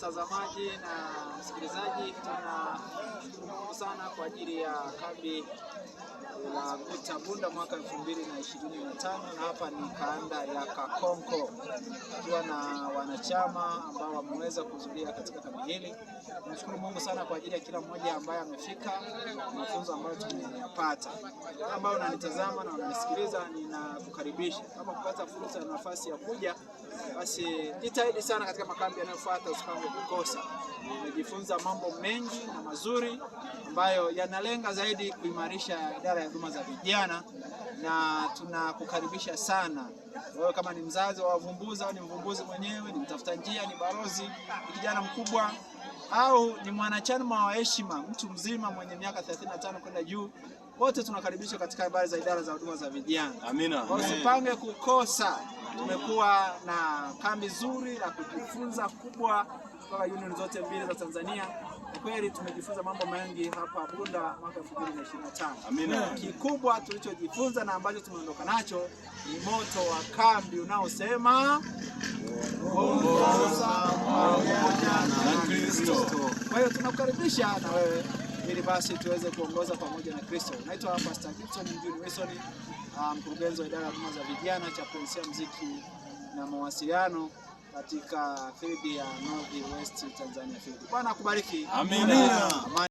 Mtazamaji na msikilizaji, tuna sana kwa ajili ya kambi la Vita Bunda mwaka 2025 na hapa ni kanda ya Kakonko, tukiwa na wanachama ambao wameweza kuhudhuria katika kambi hili. Nashukuru Mungu sana kwa ajili ya kila mmoja ambaye amefika, mafunzo ambayo tumeyapata. Ambao unanitazama na unanisikiliza, ninakukaribisha kama kupata fursa na nafasi ya kuja, basi jitahidi sana katika makambi yanayofuata, usikame kukosa. Nimejifunza mambo mengi na mazuri ambayo yanalenga zaidi kuimarisha idara ya huduma za vijana, na tunakukaribisha sana wewe kama ni mzazi wa wavumbuzi au ni mvumbuzi mwenyewe, ni mtafuta njia, ni balozi, ni kijana mkubwa au ni mwanachama wa heshima, mtu mzima mwenye miaka 35 kwenda juu, wote tunakaribishwa katika habari za idara za huduma za vijana. Amina, usipange kukosa tumekuwa na kambi zuri la kujifunza kubwa kutoka union zote mbili za Tanzania. Kwa kweli tumejifunza mambo mengi hapa Bunda mwaka 2025. Amina. Kikubwa tulichojifunza na ambacho tumeondoka nacho ni moto wa kambi unaosema ongoza pamoja na Kristo. Kwa hiyo tunakukaribisha na wewe nafasi tuweze kuongoza pamoja na Kristo. Naitwa Pastor Gibson Mjuni Wilson, ah, mkurugenzi um, wa idara ya huduma za vijana cha Polisia muziki na mawasiliano katika fidi ya North West Tanzania fidi. Bwana akubariki. Amina. Amina.